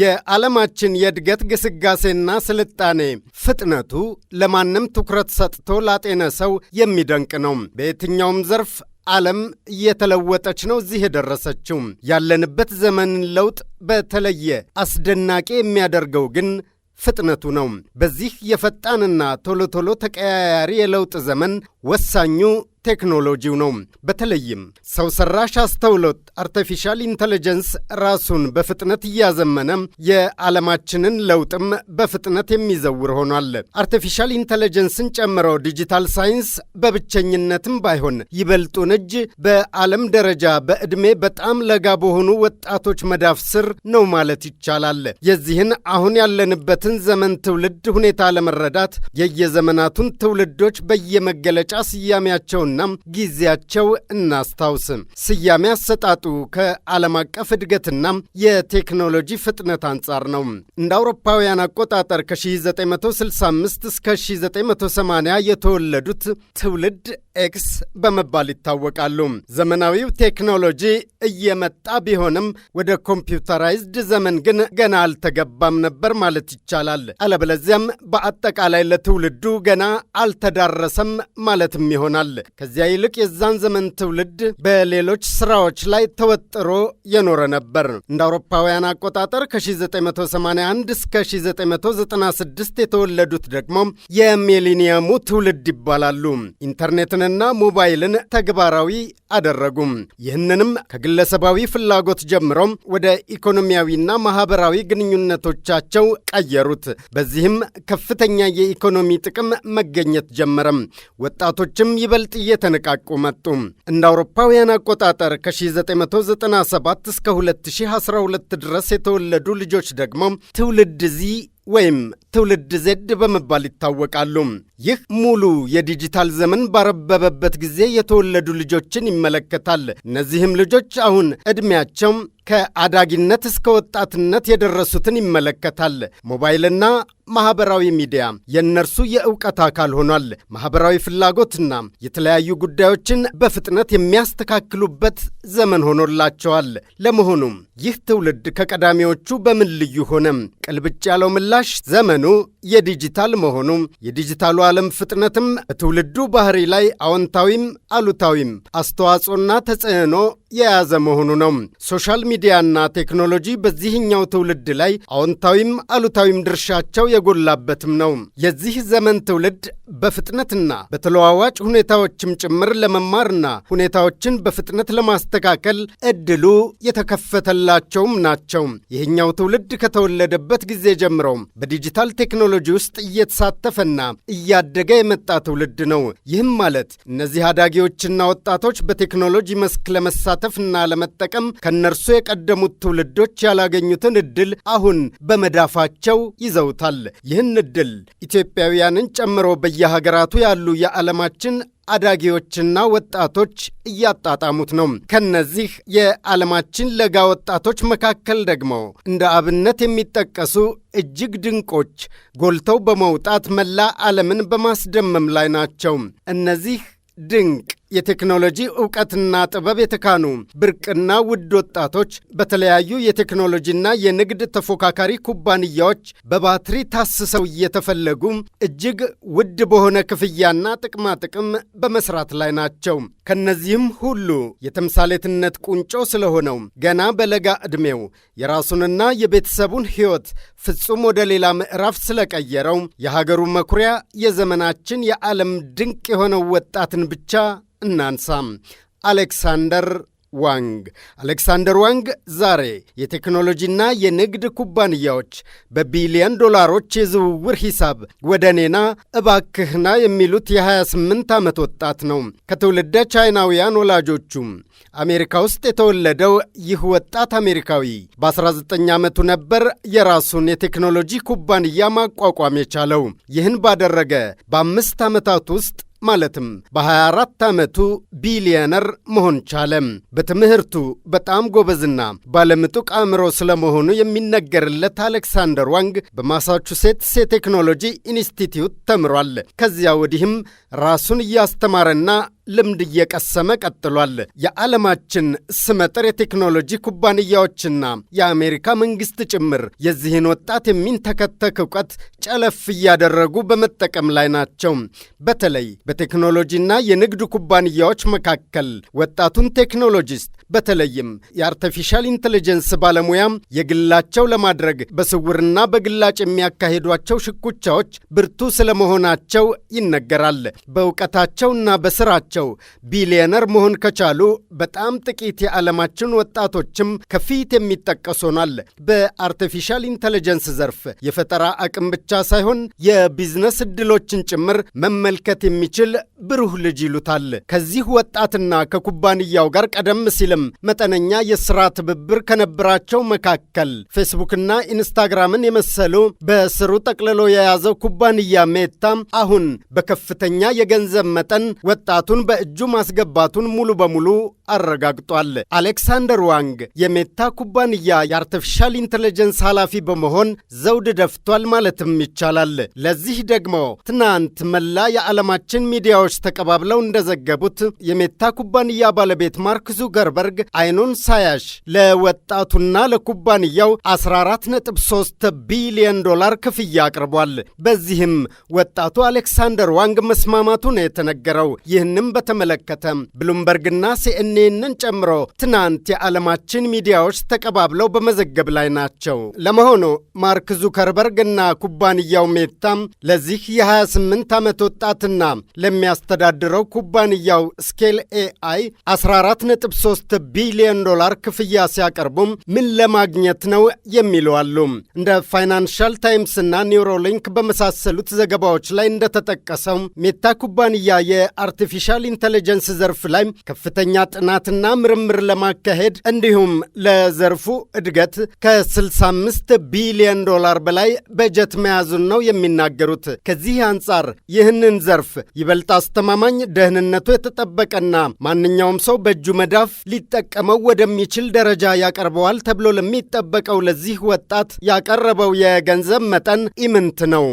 የዓለማችን የእድገት ግስጋሴና ስልጣኔ ፍጥነቱ ለማንም ትኩረት ሰጥቶ ላጤነ ሰው የሚደንቅ ነው። በየትኛውም ዘርፍ ዓለም እየተለወጠች ነው እዚህ የደረሰችው። ያለንበት ዘመን ለውጥ በተለየ አስደናቂ የሚያደርገው ግን ፍጥነቱ ነው። በዚህ የፈጣንና ቶሎ ቶሎ ተቀያያሪ የለውጥ ዘመን ወሳኙ ቴክኖሎጂው ነው። በተለይም ሰው ሰራሽ አስተውሎት አርቲፊሻል ኢንተለጀንስ ራሱን በፍጥነት እያዘመነ የዓለማችንን ለውጥም በፍጥነት የሚዘውር ሆኗል። አርቲፊሻል ኢንተለጀንስን ጨምሮ ዲጂታል ሳይንስ በብቸኝነትም ባይሆን ይበልጡን እጅ በዓለም ደረጃ በዕድሜ በጣም ለጋ በሆኑ ወጣቶች መዳፍ ስር ነው ማለት ይቻላል። የዚህን አሁን ያለንበትን ዘመን ትውልድ ሁኔታ ለመረዳት የየዘመናቱን ትውልዶች በየመገለጫ ስያሜያቸውን ታሪክና ጊዜያቸው እናስታውስ። ስያሜ አሰጣጡ ከዓለም አቀፍ እድገትና የቴክኖሎጂ ፍጥነት አንጻር ነው። እንደ አውሮፓውያን አቆጣጠር ከ1965 እስከ 1980 የተወለዱት ትውልድ ኤክስ በመባል ይታወቃሉ። ዘመናዊው ቴክኖሎጂ እየመጣ ቢሆንም ወደ ኮምፒውተራይዝድ ዘመን ግን ገና አልተገባም ነበር ማለት ይቻላል። አለበለዚያም በአጠቃላይ ለትውልዱ ገና አልተዳረሰም ማለትም ይሆናል። ከዚያ ይልቅ የዛን ዘመን ትውልድ በሌሎች ስራዎች ላይ ተወጥሮ የኖረ ነበር። እንደ አውሮፓውያን አቆጣጠር ከ1981 እስከ 1996 የተወለዱት ደግሞ የሚሊኒየሙ ትውልድ ይባላሉ። ኢንተርኔትን ስልክንና ሞባይልን ተግባራዊ አደረጉም። ይህንንም ከግለሰባዊ ፍላጎት ጀምሮም ወደ ኢኮኖሚያዊና ማህበራዊ ግንኙነቶቻቸው ቀየሩት። በዚህም ከፍተኛ የኢኮኖሚ ጥቅም መገኘት ጀመረም። ወጣቶችም ይበልጥ እየተነቃቁ መጡ። እንደ አውሮፓውያን አቆጣጠር ከ1997 እስከ 2012 ድረስ የተወለዱ ልጆች ደግሞ ትውልድ ዚ ወይም ትውልድ ዜድ በመባል ይታወቃሉ። ይህ ሙሉ የዲጂታል ዘመን ባረበበበት ጊዜ የተወለዱ ልጆችን ይመለከታል። እነዚህም ልጆች አሁን ዕድሜያቸው ከአዳጊነት እስከ ወጣትነት የደረሱትን ይመለከታል። ሞባይልና ማህበራዊ ሚዲያ የእነርሱ የእውቀት አካል ሆኗል። ማህበራዊ ፍላጎትና የተለያዩ ጉዳዮችን በፍጥነት የሚያስተካክሉበት ዘመን ሆኖላቸዋል። ለመሆኑ ይህ ትውልድ ከቀዳሚዎቹ በምን ልዩ ሆነ? ቅልብጭ ያለው ምላሽ ዘመኑ የዲጂታል መሆኑ የዲጂታሉ ዓለም ፍጥነትም ትውልዱ ባህሪ ላይ አዎንታዊም አሉታዊም አስተዋጽኦና ተጽዕኖ የያዘ መሆኑ ነው። ሶሻል ሚዲያና ቴክኖሎጂ በዚህኛው ትውልድ ላይ አዎንታዊም አሉታዊም ድርሻቸው የጎላበትም ነው። የዚህ ዘመን ትውልድ በፍጥነትና በተለዋዋጭ ሁኔታዎችም ጭምር ለመማርና ሁኔታዎችን በፍጥነት ለማስተካከል እድሉ የተከፈተላቸውም ናቸው። ይህኛው ትውልድ ከተወለደበት ጊዜ ጀምሮ በዲጂታል ቴክኖሎጂ ውስጥ እየተሳተፈና እያደገ የመጣ ትውልድ ነው። ይህም ማለት እነዚህ አዳጊዎችና ወጣቶች በቴክኖሎጂ መስክ ለመሳ ለመሳተፍና ለመጠቀም ከእነርሱ የቀደሙት ትውልዶች ያላገኙትን እድል አሁን በመዳፋቸው ይዘውታል። ይህን እድል ኢትዮጵያውያንን ጨምሮ በየሀገራቱ ያሉ የዓለማችን አዳጊዎችና ወጣቶች እያጣጣሙት ነው። ከነዚህ የዓለማችን ለጋ ወጣቶች መካከል ደግሞ እንደ አብነት የሚጠቀሱ እጅግ ድንቆች ጎልተው በመውጣት መላ ዓለምን በማስደመም ላይ ናቸው። እነዚህ ድንቅ የቴክኖሎጂ እውቀትና ጥበብ የተካኑ ብርቅና ውድ ወጣቶች በተለያዩ የቴክኖሎጂና የንግድ ተፎካካሪ ኩባንያዎች በባትሪ ታስሰው እየተፈለጉ እጅግ ውድ በሆነ ክፍያና ጥቅማ ጥቅም በመስራት ላይ ናቸው። ከነዚህም ሁሉ የተምሳሌትነት ቁንጮ ስለሆነው ገና በለጋ ዕድሜው የራሱንና የቤተሰቡን ሕይወት ፍጹም ወደ ሌላ ምዕራፍ ስለቀየረው የሀገሩ መኩሪያ የዘመናችን የዓለም ድንቅ የሆነው ወጣትን ብቻ እናንሳም። አሌክሳንደር ዋንግ አሌክሳንደር ዋንግ ዛሬ የቴክኖሎጂና የንግድ ኩባንያዎች በቢሊዮን ዶላሮች የዝውውር ሂሳብ ወደ እኔና እባክህና የሚሉት የ28 ዓመት ወጣት ነው። ከትውልደ ቻይናውያን ወላጆቹም አሜሪካ ውስጥ የተወለደው ይህ ወጣት አሜሪካዊ በ19 ዓመቱ ነበር የራሱን የቴክኖሎጂ ኩባንያ ማቋቋም የቻለው። ይህን ባደረገ በአምስት ዓመታት ውስጥ ማለትም በ24 ዓመቱ ቢሊዮነር መሆን ቻለ። በትምህርቱ በጣም ጎበዝና ባለምጡቅ አእምሮ ስለመሆኑ የሚነገርለት አሌክሳንደር ዋንግ በማሳቹሴትስ የቴክኖሎጂ ኢንስቲትዩት ተምሯል። ከዚያ ወዲህም ራሱን እያስተማረና ልምድ እየቀሰመ ቀጥሏል። የዓለማችን ስመጥር የቴክኖሎጂ ኩባንያዎችና የአሜሪካ መንግስት ጭምር የዚህን ወጣት የሚንተከተክ እውቀት ጨለፍ እያደረጉ በመጠቀም ላይ ናቸው። በተለይ በቴክኖሎጂና የንግድ ኩባንያዎች መካከል ወጣቱን ቴክኖሎጂስት በተለይም የአርቲፊሻል ኢንቴሊጀንስ ባለሙያም የግላቸው ለማድረግ በስውርና በግላጭ የሚያካሂዷቸው ሽኩቻዎች ብርቱ ስለመሆናቸው ይነገራል። በእውቀታቸውና በስራቸው ናቸው። ቢሊዮነር መሆን ከቻሉ በጣም ጥቂት የዓለማችን ወጣቶችም ከፊት የሚጠቀሱ ሆኗል። በአርቲፊሻል ኢንተለጀንስ ዘርፍ የፈጠራ አቅም ብቻ ሳይሆን የቢዝነስ እድሎችን ጭምር መመልከት የሚችል ብሩህ ልጅ ይሉታል። ከዚህ ወጣትና ከኩባንያው ጋር ቀደም ሲልም መጠነኛ የስራ ትብብር ከነበራቸው መካከል ፌስቡክና ኢንስታግራምን የመሰሉ በስሩ ጠቅልሎ የያዘው ኩባንያ ሜታ አሁን በከፍተኛ የገንዘብ መጠን ወጣቱን በእጁ ማስገባቱን ሙሉ በሙሉ አረጋግጧል። አሌክሳንደር ዋንግ የሜታ ኩባንያ የአርቲፊሻል ኢንቴሊጀንስ ኃላፊ በመሆን ዘውድ ደፍቷል ማለትም ይቻላል። ለዚህ ደግሞ ትናንት መላ የዓለማችን ሚዲያዎች ተቀባብለው እንደዘገቡት የሜታ ኩባንያ ባለቤት ማርክ ዙከርበርግ አይኑን ሳያሽ ለወጣቱና ለኩባንያው 14.3 ቢሊዮን ዶላር ክፍያ አቅርቧል። በዚህም ወጣቱ አሌክሳንደር ዋንግ መስማማቱ ነው የተነገረው። ይህንም በተመለከተ ብሉምበርግና ሲኤን ሲኤንኤንን ጨምሮ ትናንት የዓለማችን ሚዲያዎች ተቀባብለው በመዘገብ ላይ ናቸው። ለመሆኑ ማርክ ዙከርበርግ እና ኩባንያው ሜታም ለዚህ የ28 ዓመት ወጣትና ለሚያስተዳድረው ኩባንያው ስኬል ኤአይ 143 ቢሊዮን ዶላር ክፍያ ሲያቀርቡም ምን ለማግኘት ነው የሚሉ አሉ። እንደ ፋይናንሻል ታይምስና ኒውሮሊንክ በመሳሰሉት ዘገባዎች ላይ እንደተጠቀሰው ሜታ ኩባንያ የአርቲፊሻል ኢንቴሊጀንስ ዘርፍ ላይ ከፍተኛ ጥ ጥናትና ምርምር ለማካሄድ እንዲሁም ለዘርፉ እድገት ከ65 ቢሊዮን ዶላር በላይ በጀት መያዙን ነው የሚናገሩት። ከዚህ አንጻር ይህንን ዘርፍ ይበልጥ አስተማማኝ፣ ደህንነቱ የተጠበቀና ማንኛውም ሰው በእጁ መዳፍ ሊጠቀመው ወደሚችል ደረጃ ያቀርበዋል ተብሎ ለሚጠበቀው ለዚህ ወጣት ያቀረበው የገንዘብ መጠን ኢምንት ነው።